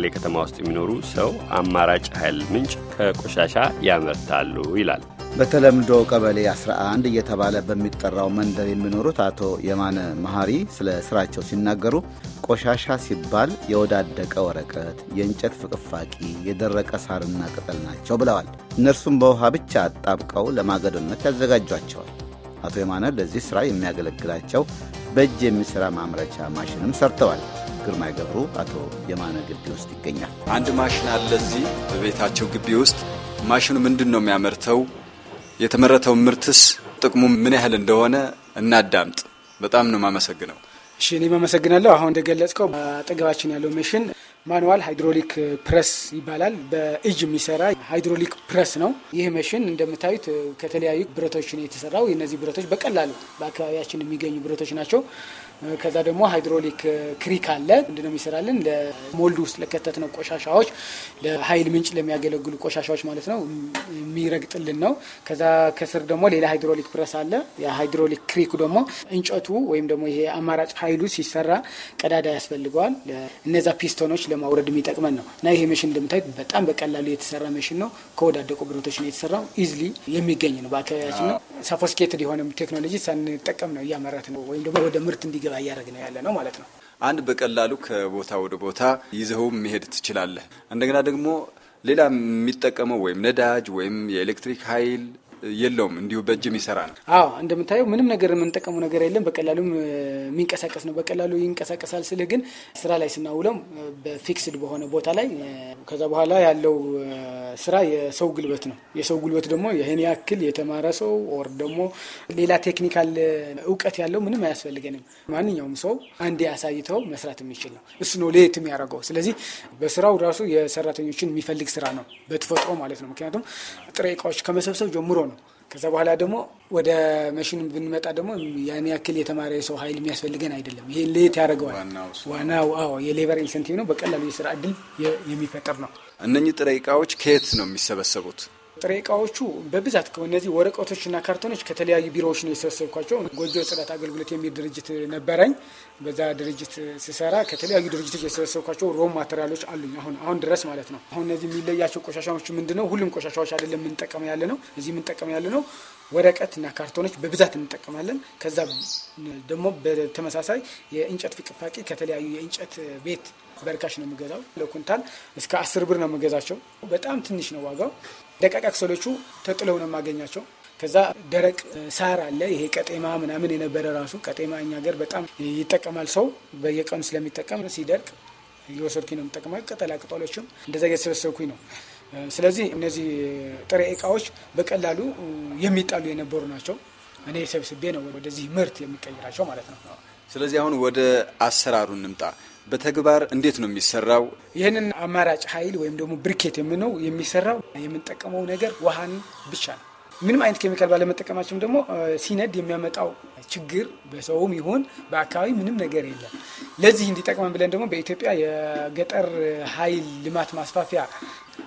መቀሌ ከተማ ውስጥ የሚኖሩ ሰው አማራጭ ኃይል ምንጭ ከቆሻሻ ያመርታሉ ይላል። በተለምዶ ቀበሌ 11 እየተባለ በሚጠራው መንደር የሚኖሩት አቶ የማነ መሐሪ ስለ ስራቸው ሲናገሩ ቆሻሻ ሲባል የወዳደቀ ወረቀት፣ የእንጨት ፍቅፋቂ፣ የደረቀ ሳርና ቅጠል ናቸው ብለዋል። እነርሱም በውሃ ብቻ አጣብቀው ለማገዶነት ያዘጋጇቸዋል። አቶ የማነ ለዚህ ሥራ የሚያገለግላቸው በእጅ የሚሠራ ማምረቻ ማሽንም ሰርተዋል። ግርማይ ገብሩ፣ አቶ የማነ ግቢ ውስጥ ይገኛል። አንድ ማሽን አለ እዚህ በቤታቸው ግቢ ውስጥ። ማሽኑ ምንድን ነው የሚያመርተው? የተመረተው ምርትስ ጥቅሙ ምን ያህል እንደሆነ እናዳምጥ። በጣም ነው የማመሰግነው። እሺ፣ እኔ አመሰግናለሁ። አሁን እንደገለጽከው አጠገባችን ያለው መሽን ማኑዋል ሃይድሮሊክ ፕረስ ይባላል። በእጅ የሚሰራ ሃይድሮሊክ ፕረስ ነው። ይህ መሽን እንደምታዩት ከተለያዩ ብረቶች የተሰራው እነዚህ ብረቶች በቀላሉ በአካባቢያችን የሚገኙ ብረቶች ናቸው። ከዛ ደግሞ ሃይድሮሊክ ክሪክ አለ። ምንድነው ነው የሚሰራልን? ለሞልድ ውስጥ ለከተት ነው ቆሻሻዎች፣ ለሀይል ምንጭ ለሚያገለግሉ ቆሻሻዎች ማለት ነው የሚረግጥልን ነው። ከዛ ከስር ደግሞ ሌላ ሃይድሮሊክ ፕረስ አለ። የሃይድሮሊክ ክሪክ ደግሞ እንጨቱ ወይም ደግሞ ይሄ አማራጭ ሀይሉ ሲሰራ ቀዳዳ ያስፈልገዋል። እነዛ ፒስቶኖች ለማውረድ የሚጠቅመን ነው እና ይሄ መሽን እንደምታዩት በጣም በቀላሉ የተሰራ መሽን ነው። ከወዳደቁ ብረቶች ነው የተሰራው። ኢዝሊ የሚገኝ ነው በአካባቢያችን ነው። ሰፎስኬትድ የሆነ ቴክኖሎጂ ሳንጠቀም ነው እያመረት ነው ወይም ደግሞ ወደ ምርት እንዲገባ እያደረግ ነው ያለ ነው ማለት ነው። አንድ በቀላሉ ከቦታ ወደ ቦታ ይዘውም መሄድ ትችላለህ። እንደገና ደግሞ ሌላ የሚጠቀመው ወይም ነዳጅ ወይም የኤሌክትሪክ ኃይል የለውም፣ እንዲሁ በእጅም ነው። አዎ እንደምታየው ምንም ነገር የምንጠቀመው ነገር የለም። በቀላሉም የሚንቀሳቀስ ነው። በቀላሉ ይንቀሳቀሳል ስልህ ግን ስራ ላይ ስናውለው በፊክስድ በሆነ ቦታ ላይ ከዛ በኋላ ያለው ስራ የሰው ጉልበት ነው። የሰው ጉልበት ደግሞ ይህን ያክል የተማረ ሰው ኦር ደግሞ ሌላ ቴክኒካል እውቀት ያለው ምንም አያስፈልገንም። ማንኛውም ሰው አንዴ ያሳይተው መስራት የሚችል ነው። እሱ ነው ለየት የሚያደርገው። ስለዚህ በስራው ራሱ የሰራተኞችን የሚፈልግ ስራ ነው በተፈጥሮ ማለት ነው። ምክንያቱም ጥሬ እቃዎች ከመሰብሰብ ጀምሮ ነው። ከዛ በኋላ ደግሞ ወደ መሽኑ ብንመጣ ደግሞ ያን ያክል የተማረ የሰው ኃይል የሚያስፈልገን አይደለም። ይሄ ለየት ያደርገዋል። ዋናው አዎ የሌበር ኢንሴንቲቭ ነው። በቀላሉ የስራ እድል የሚፈጥር ነው። እነኚህ ጥሬ እቃዎች ከየት ነው የሚሰበሰቡት? ጥሬ እቃዎቹ በብዛት እነዚህ ወረቀቶችና ካርቶኖች ከተለያዩ ቢሮዎች ነው የሰበሰብኳቸው። ጎጆ ጽዳት አገልግሎት የሚል ድርጅት ነበረኝ። በዛ ድርጅት ስሰራ ከተለያዩ ድርጅቶች የሰበሰብኳቸው ሮም ማቴሪያሎች አሉኝ አሁን አሁን ድረስ ማለት ነው። አሁን እነዚህ የሚለያቸው ቆሻሻዎች ምንድን ነው? ሁሉም ቆሻሻዎች አይደለም የምንጠቀመ ያለ ነው። እዚህ የምንጠቀመ ያለ ነው ወረቀት እና ካርቶኖች በብዛት እንጠቀማለን። ከዛ ደግሞ በተመሳሳይ የእንጨት ፍቅፋቂ ከተለያዩ የእንጨት ቤት በርካሽ ነው የምገዛው። ለኩንታል እስከ አስር ብር ነው የምገዛቸው። በጣም ትንሽ ነው ዋጋው። ደቃቃ ክሰሎቹ ተጥለው ነው የማገኛቸው። ከዛ ደረቅ ሳር አለ። ይሄ ቀጤማ ምናምን የነበረ ራሱ ቀጤማ እኛ ገር በጣም ይጠቀማል ሰው በየቀኑ ስለሚጠቀም ሲደርቅ የወሰድኩኝ ነው የምጠቀመው። ቅጠላ ቅጠሎችም እንደዛ እየተሰበሰብኩኝ ነው። ስለዚህ እነዚህ ጥሬ እቃዎች በቀላሉ የሚጣሉ የነበሩ ናቸው። እኔ ሰብስቤ ነው ወደዚህ ምርት የሚቀይራቸው ማለት ነው። ስለዚህ አሁን ወደ አሰራሩ እንምጣ። በተግባር እንዴት ነው የሚሰራው? ይህንን አማራጭ ኃይል ወይም ደግሞ ብሪኬት የምነው የሚሰራው የምንጠቀመው ነገር ውሃን ብቻ ነው። ምንም አይነት ኬሚካል ባለመጠቀማቸውም ደግሞ ሲነድ የሚያመጣው ችግር በሰውም ይሁን በአካባቢ ምንም ነገር የለም። ለዚህ እንዲጠቅመን ብለን ደግሞ በኢትዮጵያ የገጠር ኃይል ልማት ማስፋፊያ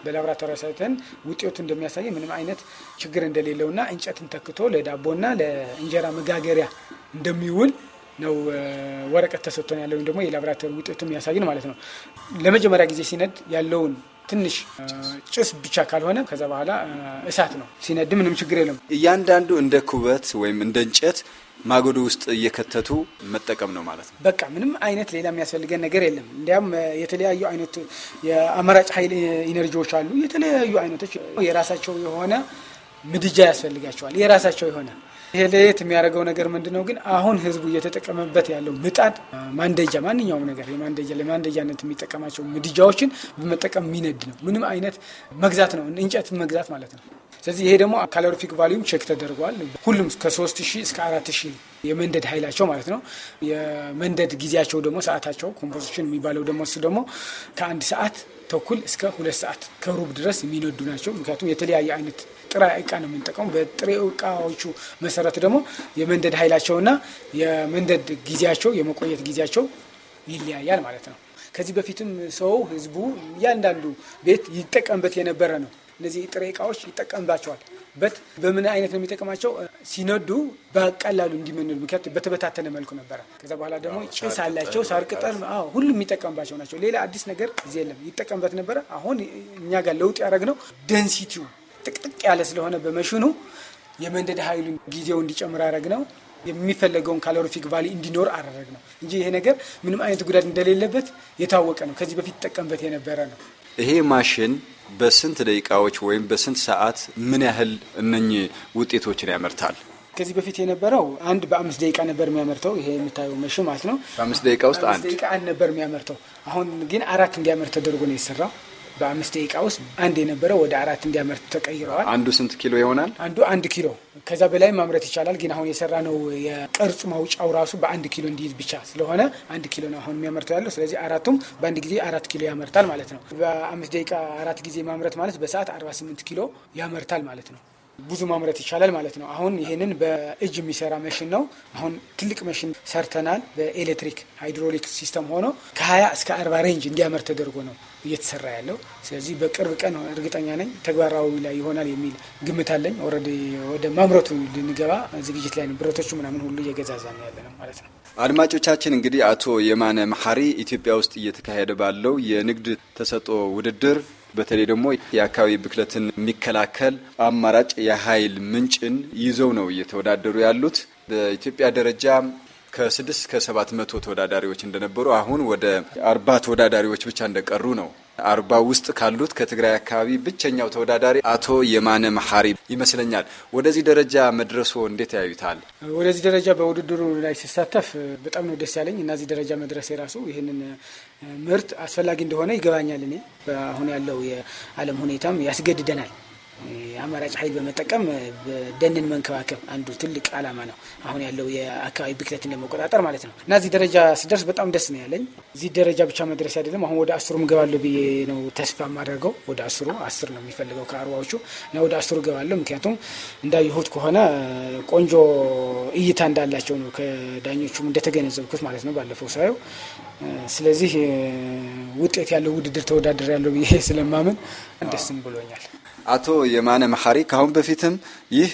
በላቦራቶሪ አሳይተን ውጤቱ እንደሚያሳይ ምንም አይነት ችግር እንደሌለውና እንጨትን ተክቶ ለዳቦና ለእንጀራ መጋገሪያ እንደሚውል ነው ወረቀት ተሰጥቶን ያለ ወይም ደግሞ የላብራቶሪ ውጤቱ የሚያሳይን ማለት ነው። ለመጀመሪያ ጊዜ ሲነድ ያለውን ትንሽ ጭስ ብቻ ካልሆነ ከዛ በኋላ እሳት ነው። ሲነድ ምንም ችግር የለም። እያንዳንዱ እንደ ኩበት ወይም እንደ እንጨት ማገዶ ውስጥ እየከተቱ መጠቀም ነው ማለት ነው። በቃ ምንም አይነት ሌላ የሚያስፈልገን ነገር የለም። እንዲያም የተለያዩ አይነት የአማራጭ ኃይል ኢነርጂዎች አሉ። የተለያዩ አይነቶች የራሳቸው የሆነ ምድጃ ያስፈልጋቸዋል። የራሳቸው የሆነ ይሄ ለየት የሚያደርገው ነገር ምንድነው ነው ግን አሁን ህዝቡ እየተጠቀመበት ያለው ምጣድ፣ ማንደጃ፣ ማንኛውም ነገር የማንደጃ ለማንደጃነት የሚጠቀማቸው ምድጃዎችን በመጠቀም የሚነድ ነው። ምንም አይነት መግዛት ነው እንጨት መግዛት ማለት ነው። ስለዚህ ይሄ ደግሞ ካሎሪፊክ ቫሊዩም ቼክ ተደርጓል። ሁሉም ከ 3 እስከ 4 የመንደድ ኃይላቸው ማለት ነው። የመንደድ ጊዜያቸው ደግሞ ሰዓታቸው ኮምፖዚሽን የሚባለው ደግሞ እሱ ደግሞ ከአንድ ሰዓት ተኩል እስከ ሁለት ሰዓት ከሩብ ድረስ የሚነዱ ናቸው። ምክንያቱም የተለያየ አይነት ጥራ እቃ ነው የምንጠቀሙ። በጥሬ እቃዎቹ መሰረት ደግሞ የመንደድ ኃይላቸውና የመንደድ ጊዜያቸው የመቆየት ጊዜያቸው ይለያያል ማለት ነው። ከዚህ በፊትም ሰው ህዝቡ እያንዳንዱ ቤት ይጠቀምበት የነበረ ነው። እነዚህ ጥሬ እቃዎች ይጠቀምባቸዋል። በት በምን አይነት ነው የሚጠቅማቸው? ሲነዱ በቀላሉ እንዲመንሉ፣ ምክንያቱ በተበታተነ መልኩ ነበረ። ከዛ በኋላ ደግሞ ጭስ አላቸው፣ ሳር ቅጠል፣ ሁሉም የሚጠቀምባቸው ናቸው። ሌላ አዲስ ነገር ጊዜ የለም። ይጠቀምበት ነበረ። አሁን እኛ ጋር ለውጥ ያደረግነው ደንሲቲው ጥቅጥቅ ያለ ስለሆነ በመሽኑ የመንደድ ኃይሉን ጊዜው እንዲጨምር ያደረግ ነው። የሚፈለገውን ካሎሪፊክ ቫሊ እንዲኖር አደረግ ነው እንጂ ይሄ ነገር ምንም አይነት ጉዳት እንደሌለበት የታወቀ ነው። ከዚህ በፊት ይጠቀምበት የነበረ ነው ይሄ ማሽን በስንት ደቂቃዎች ወይም በስንት ሰዓት ምን ያህል እነኚህ ውጤቶችን ያመርታል? ከዚህ በፊት የነበረው አንድ በአምስት ደቂቃ ነበር የሚያመርተው። ይሄ የምታየው መሽ ማለት ነው። በአምስት ደቂቃ ውስጥ አንድ ነበር የሚያመርተው። አሁን ግን አራት እንዲያመርት ተደርጎ ነው የሰራው። በአምስት ደቂቃ ውስጥ አንድ የነበረው ወደ አራት እንዲያመርት ተቀይረዋል። አንዱ ስንት ኪሎ ይሆናል? አንዱ አንድ ኪሎ ከዛ በላይ ማምረት ይቻላል። ግን አሁን የሰራ ነው የቅርጽ ማውጫው ራሱ በአንድ ኪሎ እንዲይዝ ብቻ ስለሆነ አንድ ኪሎ ነው አሁን የሚያመርተው ያለው። ስለዚህ አራቱም በአንድ ጊዜ አራት ኪሎ ያመርታል ማለት ነው። በአምስት ደቂቃ አራት ጊዜ ማምረት ማለት በሰዓት አርባ ስምንት ኪሎ ያመርታል ማለት ነው። ብዙ ማምረት ይቻላል ማለት ነው። አሁን ይህንን በእጅ የሚሰራ መሽን ነው። አሁን ትልቅ መሽን ሰርተናል። በኤሌክትሪክ ሃይድሮሊክ ሲስተም ሆኖ ከ20 እስከ 40 ሬንጅ እንዲያመር ተደርጎ ነው እየተሰራ ያለው። ስለዚህ በቅርብ ቀን እርግጠኛ ነኝ ተግባራዊ ላይ ይሆናል የሚል ግምት አለኝ። ኦልሬዲ ወደ ማምረቱ ልንገባ ዝግጅት ላይ ብረቶቹ ምናምን ሁሉ እየገዛዛ ነው ያለ ነው ማለት ነው። አድማጮቻችን እንግዲህ አቶ የማነ መሐሪ ኢትዮጵያ ውስጥ እየተካሄደ ባለው የንግድ ተሰጥኦ ውድድር በተለይ ደግሞ የአካባቢ ብክለትን የሚከላከል አማራጭ የኃይል ምንጭን ይዘው ነው እየተወዳደሩ ያሉት። በኢትዮጵያ ደረጃ ከስድስት ከሰባት መቶ ተወዳዳሪዎች እንደነበሩ አሁን ወደ አርባ ተወዳዳሪዎች ብቻ እንደቀሩ ነው አርባ ውስጥ ካሉት ከትግራይ አካባቢ ብቸኛው ተወዳዳሪ አቶ የማነ መሐሪ ይመስለኛል። ወደዚህ ደረጃ መድረሱ እንዴት ያዩታል? ወደዚህ ደረጃ በውድድሩ ላይ ሲሳተፍ በጣም ነው ደስ ያለኝ እና እዚህ ደረጃ መድረስ የራሱ ይህንን ምርት አስፈላጊ እንደሆነ ይገባኛል። እኔ አሁን ያለው የዓለም ሁኔታም ያስገድደናል አማራጭ ኃይል በመጠቀም ደንን መንከባከብ አንዱ ትልቅ ዓላማ ነው። አሁን ያለው የአካባቢ ብክለትን ለመቆጣጠር ማለት ነው እና እዚህ ደረጃ ስደርስ በጣም ደስ ነው ያለኝ። እዚህ ደረጃ ብቻ መድረስ አይደለም፣ አሁን ወደ አስሩ እገባለሁ ብዬ ነው ተስፋ የማደርገው። ወደ አስሩ አስር ነው የሚፈልገው ከአርባዎቹ እና ወደ አስሩ እገባለሁ። ምክንያቱም እንዳየሁት ከሆነ ቆንጆ እይታ እንዳላቸው ነው ከዳኞቹም እንደተገነዘብኩት ማለት ነው ባለፈው ሳየው። ስለዚህ ውጤት ያለው ውድድር ተወዳደር ያለው ብዬ ስለማምን ደስም ብሎኛል። አቶ የማነ መሐሪ ከአሁን በፊትም ይህ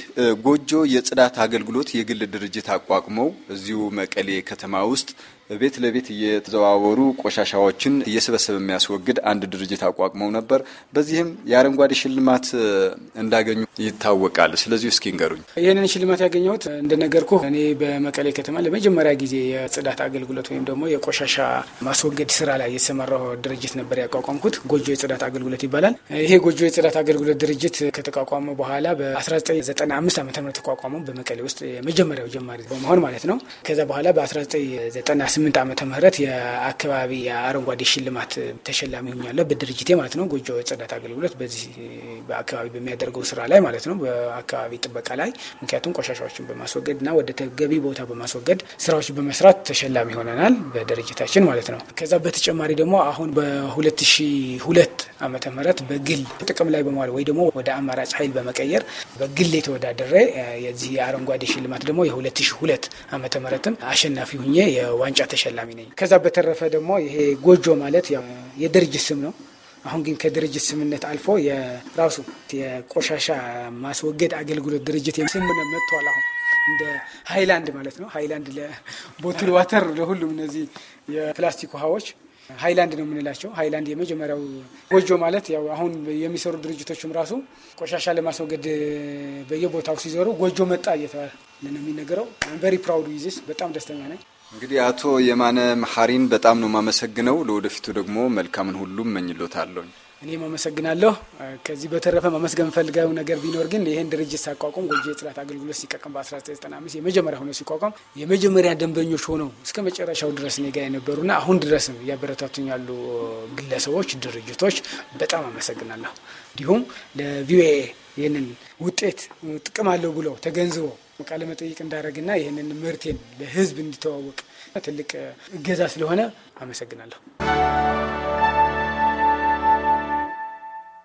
ጎጆ የጽዳት አገልግሎት የግል ድርጅት አቋቁመው እዚሁ መቀሌ ከተማ ውስጥ ቤት ለቤት እየተዘዋወሩ ቆሻሻዎችን እየሰበሰበ የሚያስወግድ አንድ ድርጅት አቋቁመው ነበር። በዚህም የአረንጓዴ ሽልማት እንዳገኙ ይታወቃል። ስለዚህ እስኪ ንገሩኝ። ይህንን ሽልማት ያገኘሁት እንደነገርኩ እኔ በመቀሌ ከተማ ለመጀመሪያ ጊዜ የጽዳት አገልግሎት ወይም ደግሞ የቆሻሻ ማስወገድ ስራ ላይ የተሰማራው ድርጅት ነበር ያቋቋምኩት። ጎጆ የጽዳት አገልግሎት ይባላል። ይሄ ጎጆ የጽዳት አገልግሎት ድርጅት ከተቋቋመ በኋላ በ1995 ዓ ም ተቋቋመው በመቀሌ ውስጥ የመጀመሪያው ጀማሪ በመሆን ማለት ነው። ከዛ በኋላ በ1998 ስምንት ዓመተ ምህረት የአካባቢ የአረንጓዴ ሽልማት ተሸላሚ ሆኛለሁ በድርጅቴ ማለት ነው። ጎጆ ጽዳት አገልግሎት በዚህ በአካባቢ በሚያደርገው ስራ ላይ ማለት ነው፣ በአካባቢ ጥበቃ ላይ ምክንያቱም ቆሻሻዎችን በማስወገድ እና ወደ ተገቢ ቦታ በማስወገድ ስራዎች በመስራት ተሸላሚ ሆነናል በድርጅታችን ማለት ነው። ከዛ በተጨማሪ ደግሞ አሁን በ2002 ዓመተ ምህረት በግል ጥቅም ላይ በመዋል ወይ ደግሞ ወደ አማራጭ ኃይል በመቀየር በግል የተወዳደረ የዚህ የአረንጓዴ ሽልማት ደግሞ የ2002 ዓመተ ምህረትም አሸናፊ ሁኜ የዋንጫ ተሸላሚ ነኝ። ከዛ በተረፈ ደግሞ ይሄ ጎጆ ማለት የድርጅት ስም ነው። አሁን ግን ከድርጅት ስምነት አልፎ የራሱ የቆሻሻ ማስወገድ አገልግሎት ድርጅት ስም መጥቷል። አሁን እንደ ሀይላንድ ማለት ነው። ሀይላንድ ለቦትል ዋተር ለሁሉም እነዚህ የፕላስቲክ ውሃዎች ሀይላንድ ነው የምንላቸው። ሀይላንድ የመጀመሪያው ጎጆ ማለት ያው አሁን የሚሰሩ ድርጅቶችም ራሱ ቆሻሻ ለማስወገድ በየቦታው ሲዞሩ ጎጆ መጣ እየተባለ ነው የሚነገረው። ቨሪ ፕራውድ ዊዝስ በጣም ደስተኛ ነኝ። እንግዲህ አቶ የማነ መሐሪን በጣም ነው የማመሰግነው። ለወደፊቱ ደግሞ መልካምን ሁሉ እመኝሎታለሁ። እኔም አመሰግናለሁ። ከዚህ በተረፈ ማመስገን የምፈልገው ነገር ቢኖር ግን ይህን ድርጅት ሳቋቋም ጎጆ የጽዳት አገልግሎት ሲቀቅም በ1995 የመጀመሪያ ሆኖ ሲቋቋም የመጀመሪያ ደንበኞች ሆነው እስከ መጨረሻው ድረስ እኔ ጋር የነበሩና አሁን ድረስም እያበረታቱኝ ያሉ ግለሰቦች፣ ድርጅቶች በጣም አመሰግናለሁ። እንዲሁም ለቪኦኤ ይህንን ውጤት ጥቅም አለው ብሎ ተገንዝቦ ቃለ መጠይቅ እንዳደረግና ይህንን ምርቴን ለህዝብ እንዲተዋወቅ ትልቅ እገዛ ስለሆነ አመሰግናለሁ።